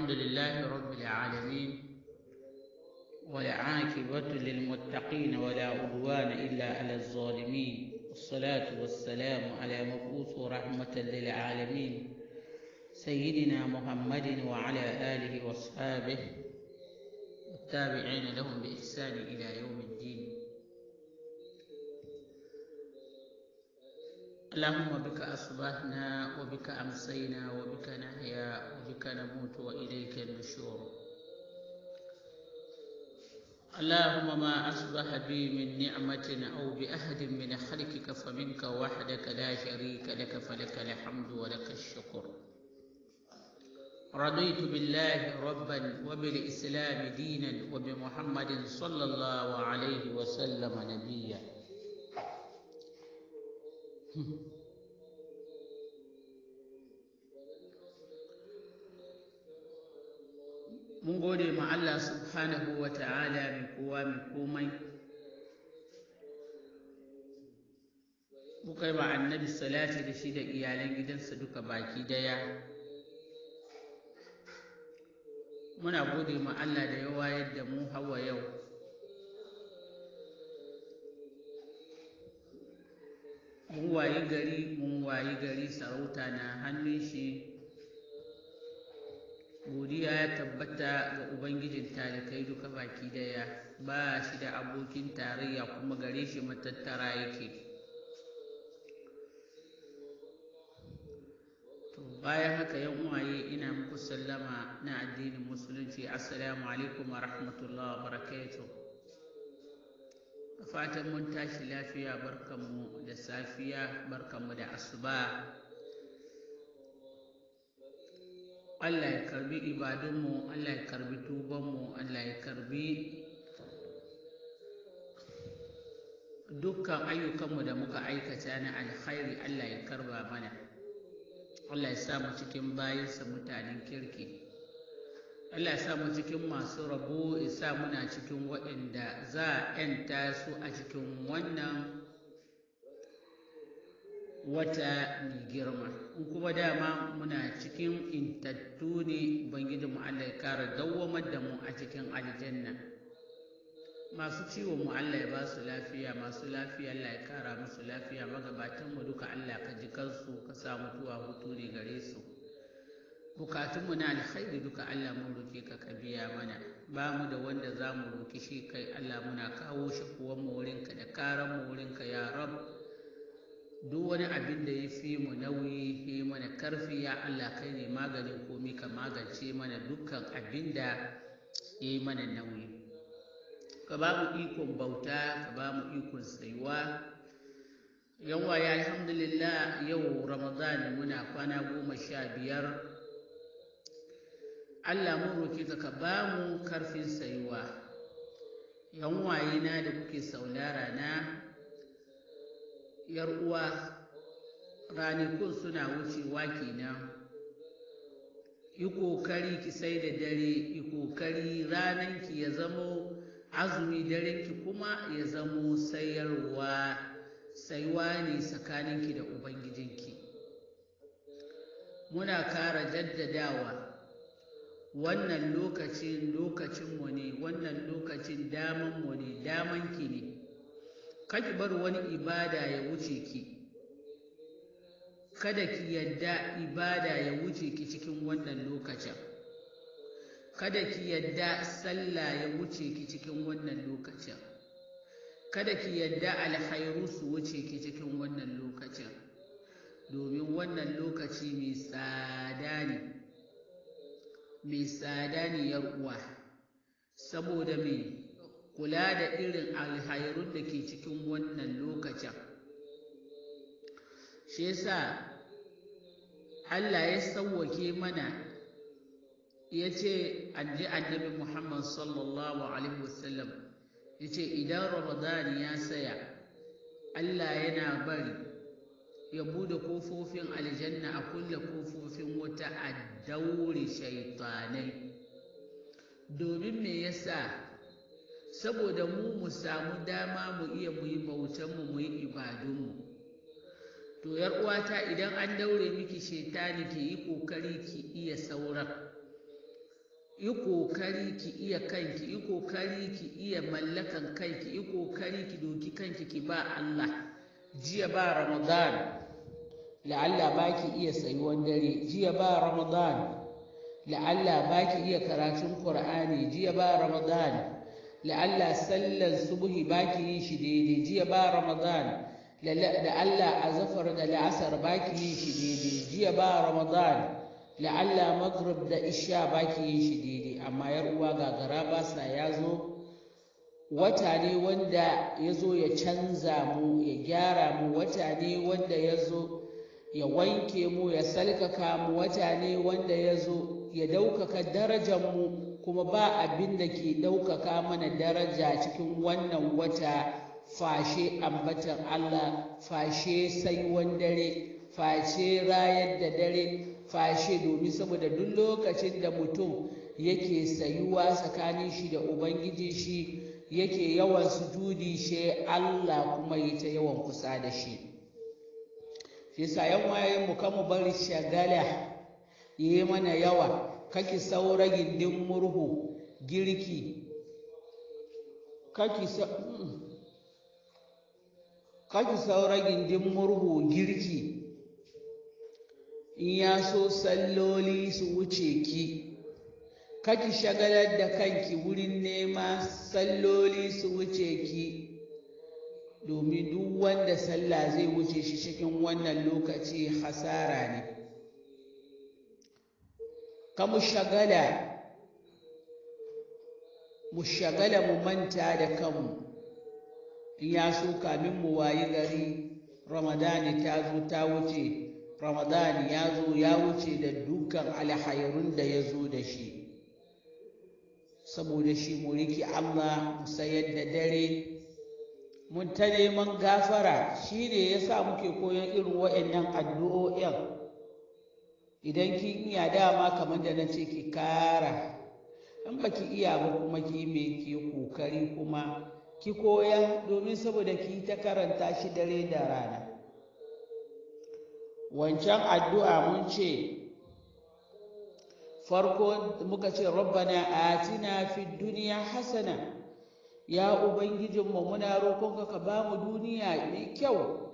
الحمد لله رب العالمين والعاقبة للمتقين ولا عدوان إلا على الظالمين والصلاة والسلام على مبعوث رحمة للعالمين سيدنا محمد وعلى آله وأصحابه والتابعين لهم بإحسان إلى يوم اللهم بك أصبحنا وبك أمسينا وبك نحيا وبك نموت وإليك النشور اللهم ما أصبح بي من نعمة أو بأحد من خلقك فمنك وحدك لا شريك لك فلك الحمد ولك الشكر رضيت بالله ربا وبالإسلام دينا وبمحمد صلى الله عليه وسلم نبيا mun gode ma Allah subhanahu wa ta'ala mai kowa mai komai muka yi ma annabi salati da shi da iyalan gidansa duka baki daya muna gode ma Allah da ya wayar da mu hawa yau mun wayi gari mun wayi gari sarauta na hannun shi godiya ya tabbata ga ubangijin talikai duka baki daya ba shi da abokin tarayya kuma gare shi matattara yake to bayan haka yan uwaye ina muku sallama na addinin musulunci assalamu alaikum wa rahmatullahi wa barakatuh da fatan mun tashi lafiya barkanmu da safiya barkanmu da asuba Allah ya karbi ibadunmu Allah ya karbi tubanmu Allah ya karbi dukkan ayyukanmu da muka aikata na alkhairi Allah ya karba mana Allah ya samu cikin bayansa mutanen kirki Allah ya mu cikin masu rabo ya sa muna cikin waɗanda za a ‘yanta su a cikin wannan wata girma in kuma dama muna cikin intattu ne mu Allah kara dawwamar da mu a cikin aljanna masu ciwo mu Allah ya ba su lafiya masu lafiya Allah ya kara musu lafiya magabatanmu duka Allah ka ji kansu ka sa mutuwa hutu ne gare su bukatunmu na alkhairi duka Allah mun roke ka ka biya mana ba mu da wanda za mu roki shi kai Allah muna kawo shi kuwan mu wurinka da karan mu ka ya rab duk wani abin da ya fi mu nauyi ya mana karfi ya Allah kai ne maganin komi ka magance mana dukkan abin da ya mana nauyi ka ba mu ikon bauta ka ba mu ikon tsayuwa yawa ya alhamdulillah yau ramadan muna kwana goma sha biyar Allah mun roke ka ba mu karfin sayuwa yan wayena da kuke saulara na yar uwa ranakun suna wucewa kenan yi ƙoƙari ki sai da dare yi ƙoƙari rananki ya zamo azumi dare ki kuma ya zamo sayarwa saiwa ne tsakaninki da ubangijinki muna kara jaddadawa wannan lokacin lokacinmu ne wannan lokacin damanmu ne ki ne kaki bar wani ibada ya wuce ki kada ki yadda ibada ya wuce ki cikin wannan lokacin kada ki yadda sallah ya wuce ki cikin wannan lokacin kada ki yadda alhairu su wuce ki cikin wannan lokacin domin wannan lokaci mai tsada ne mai tsadaniyar uwa saboda mai kula da irin alhairun da ke cikin wannan lokacin shi yasa Allah ya sauwake mana ya ce ji annabi Muhammad sallallahu alaihi wasallam ya ce idan Ramadan ya saya Allah yana bari ya bude kofofin aljanna a kulle kofofin wata a daure shaitanai domin me yasa saboda mu mu samu dama mu iya mu yi bautanmu mu yi ibadunmu to yar uwata idan an daure miki shaitani ki yi kokari ki iya sauran yi kokari ki iya kanki yi kokari ki iya mallakan kanki yi kokari ki doki kanki ki ba Allah jiya ba Ramadan la'alla ba ki iya tsayuwan dare jiya ba ramadan la'alla ba ki iya karatun Kur'ani, jiya ba ramadan la'alla sallar subuhi ba ki yin shi daidai jiya ba ramadan la'alla azafar da la'asar ba ki yin shi daidai jiya ba ramadan la'alla maghrib da isha ba ki yin shi daidai amma yar uwa gagara ba sa ya zo wata ne wanda ya zo ya canza mu ya gyara mu wata ne wanda ya zo ya wanke mu ya salkaka mu wata ne wanda ya zo ya ɗaukaka mu kuma ba abin da ke ɗaukaka mana daraja cikin wannan wata fashe ambatan Allah fashe saiwan dare fashe rayar da dare fashe domin saboda duk lokacin da mutum yake sayuwa tsakanin shi da ubangiji shi yake yawan sujudi shi Allah kuma yi ta yawan kusa da shi. shi yasa yan wayoyin mu kan mu bari shagala yi mana yawa kaki saura gindin murhu girki kaki sa kaki saura gindin murhu girki in ya so salloli su wuce ki kaki shagalar da kanki wurin nema salloli su wuce ki domin duk wanda sallah zai wuce shi cikin wannan lokaci hasara ne ka shagala mu manta da kanmu in ya so kamin mu wayi gari ramadani ta zo ta wuce ramadani ya zo ya wuce da dukkan alhairun da ya zo da shi saboda shi mu riki allah mu sayar da dare mun ta neman gafara shi ne ya sa muke koyon irin wa'annan addu'o'in idan ki iya dama kamar da na ce ki kara in ba ki iya ba kuma ki mai ki kokari kuma ki koya domin saboda ki ta karanta shi dare da rana wancan addu'a mun ce farko muka ce rabbana atina fi duniya hasana ya ubangijin mu muna roƙonka ka ba mu duniya mai kyau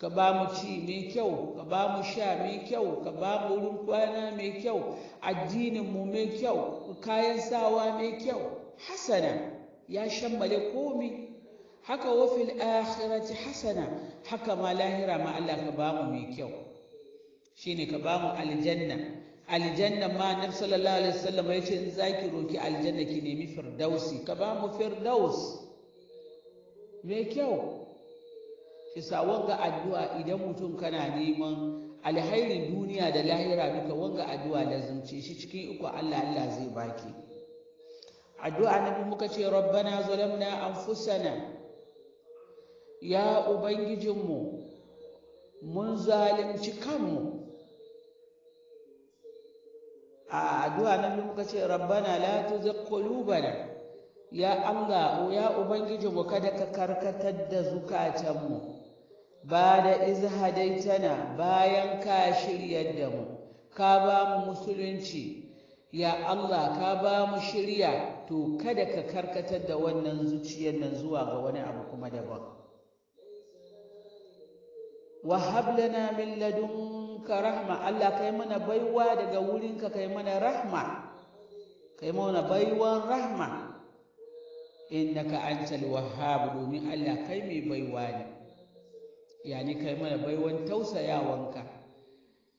ka ba mu ci mai kyau ka ba mu sha mai kyau ka ba mu wurin kwana mai kyau addininmu mai kyau kayan sawa mai kyau hasana ya shammale komi haka wafil akhirati hasana haka ma lahira ma Allah ka ba mu mai kyau shine ka bamu aljanna aljanna ma na sallallahu alaihi wasallam ya ce in zaki roki aljanna ki nemi firdausi ka bamu firdaus me kyau kisa wanga addu'a idan mutum kana neman alhairin duniya da lahira duka wanga addu'a da zunce shi cikin iko Allah Allah zai baki addu'a nabi muka ce rabbana zalamna anfusana ya ubangijinmu mun zalunci kanmu a addu'a na biyu muka ce rabbana la tuzigh qulubana ya Allah ya ubangiji mu kada ka karkatar da zukatanmu ba da izhadaitana bayan ka shirya da mu ka ba mu musulunci ya Allah ka ba mu shirya to kada ka karkatar da wannan zuciyar nan zuwa ga wani abu kuma daban wa hablana min ladun ka rahma Allah kai mana baiwa daga wurinka kai mana rahma kai mana baiwan rahma innaka antal wahhab domin Allah kai mai baiwa ne yani kai mana baiwan tausayawanka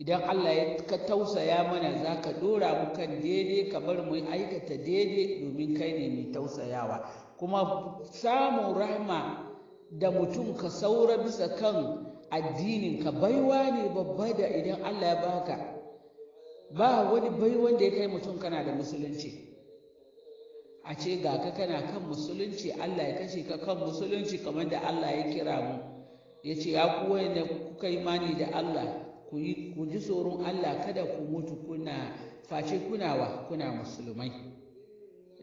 idan Allah ya ka tausaya mana zaka ka dora mu kan daidai ka bar mu aikata daidai domin kai ne mai tausayawa kuma samun rahma da mutum ka saura bisa kan addinin ka baiwa ne babba da idan Allah ya baka ba wani baiwan da ya kai mutum kana da musulunci a ce ga ka kana kan musulunci Allah ya kashe ka kan musulunci kamar da Allah ya kira mu ya ce ya kuwa ne kuka imani da Allah ku ji tsoron Allah kada ku mutu kuna face kunawa kuna musulmai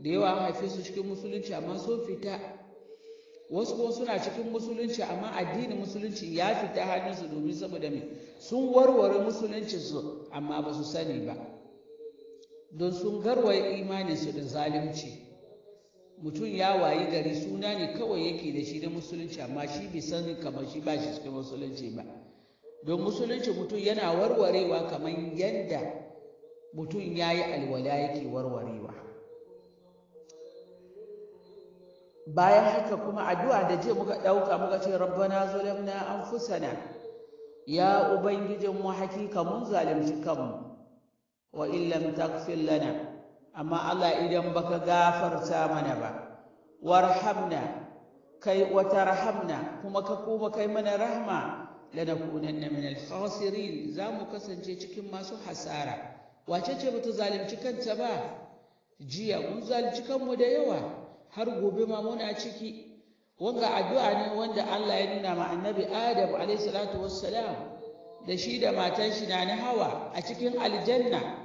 da yawa haife su cikin musulunci amma sun fita wasu kuma suna cikin musulunci amma addinin musulunci ya fita hannunsu domin saboda me sun warware musulunci su amma ba su sani ba don sun garwaye imaninsu da zalunci mutum ya wayi gari suna ne kawai yake da shi na musulunci amma shi bai sani kamar shi ba shi cikin musulunci ba don musulunci mutum yana warwarewa kamar yadda mutum ya yi alwala yake warwarewa bayan haka kuma addu'a da je muka ɗauka muka ce rabbana zalamna anfusana ya ubangijin mu hakika mun zalunci kanmu wa illam taghfir lana amma Allah idan baka gafarta mana ba warhamna kai wata rahamna kuma ka kuma kai mana rahma lanakunanna min al-khasirin za mu kasance cikin masu hasara wace ce bata zalunci kanta ba jiya mun zalunci kanmu da yawa har gobe ma muna ciki wanga addu'a ne wanda Allah ya nuna ma annabi Adam alaihi salatu wassalam da shi da matan shi na hawa a cikin aljanna